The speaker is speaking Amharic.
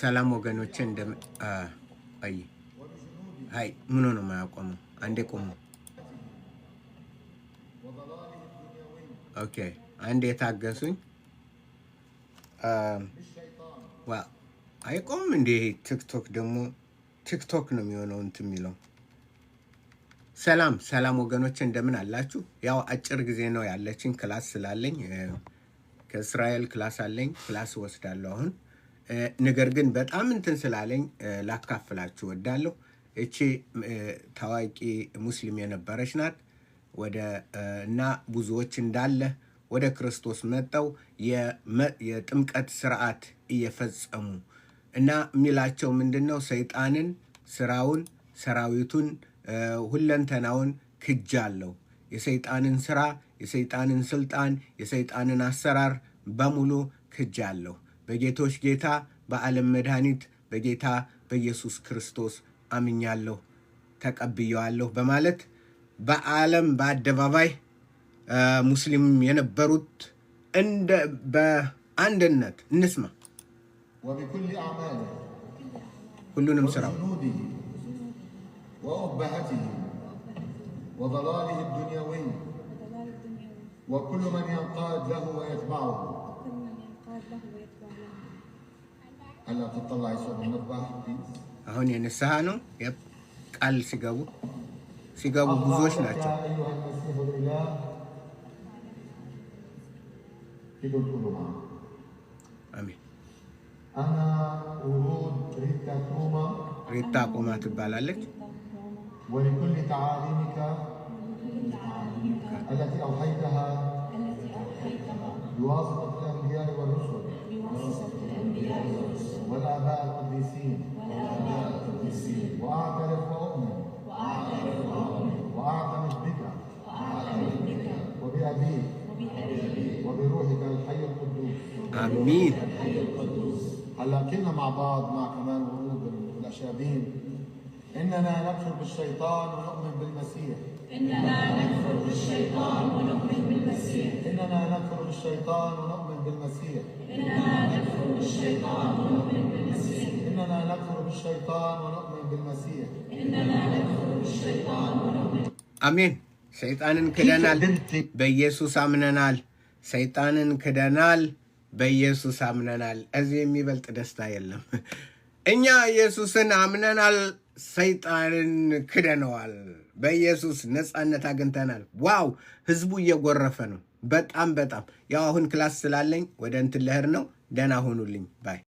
ሰላም ወገኖቼ፣ እንደ አይ አይ ምን ነው የማያቆመው? አንዴ ቆሙ። ኦኬ አንዴ የታገሱኝ። አይቆምም እንዴ ቲክቶክ ደግሞ ቲክቶክ ነው የሚሆነው እንትን የሚለው። ሰላም ሰላም ወገኖቼ እንደምን አላችሁ? ያው አጭር ጊዜ ነው ያለችን ክላስ ስላለኝ ከእስራኤል ክላስ አለኝ፣ ክላስ ወስዳለሁ አሁን። ነገር ግን በጣም እንትን ስላለኝ ላካፍላችሁ ወዳለሁ። እቺ ታዋቂ ሙስሊም የነበረች ናት ወደ እና ብዙዎች እንዳለ ወደ ክርስቶስ መጠው የጥምቀት ስርዓት እየፈጸሙ እና የሚላቸው ምንድን ነው? ሰይጣንን፣ ስራውን፣ ሰራዊቱን፣ ሁለንተናውን ክጃለሁ የሰይጣንን ስራ የሰይጣንን ስልጣን፣ የሰይጣንን አሰራር በሙሉ ክጃለሁ። በጌቶች ጌታ በዓለም መድኃኒት በጌታ በኢየሱስ ክርስቶስ አምኛለሁ፣ ተቀብየዋለሁ በማለት በዓለም በአደባባይ ሙስሊም የነበሩት እንደ በአንድነት እንስማ ሁሉንም ስራው ወኩሉ መን ያንቃድ ለሁ ወየትባዑ አላ ተጠላ አሁን የንስሐ ነው ቃል ሲገቡ ሲገቡ ብዙዎች ናቸው። አሜን። ሪታ ቁማ ትባላለች። بواسطة الأنبياء والرسل بواسطة الأنبياء والرسل والآباء القديسين والآباء القديسين وأعترف وأؤمن وأعترف وأؤمن وأعتمد بك بك وبأبيك وبروحك الحي القدوس آمين هلا كنا مع بعض مع كمان ورود الأشابين إننا نكفر بالشيطان ونؤمن بالمسيح إننا نكفر بالشيطان ونؤمن بالمسيح إننا نكفر الشيطان ونؤمن بالمسيح إننا نكفر بالشيطان ونؤمن بالمسيح አሜን። ሰይጣንን ክደናል፣ በኢየሱስ አምነናል። ሰይጣንን ክደናል፣ በኢየሱስ አምነናል። እዚህ የሚበልጥ ደስታ የለም። እኛ ኢየሱስን አምነናል፣ ሰይጣንን ክደነዋል። በኢየሱስ ነፃነት አግኝተናል። ዋው! ህዝቡ እየጎረፈ ነው። በጣም በጣም ያው አሁን ክላስ ስላለኝ ወደ እንትን ልሄድ ነው። ደህና ሆኑልኝ ባይ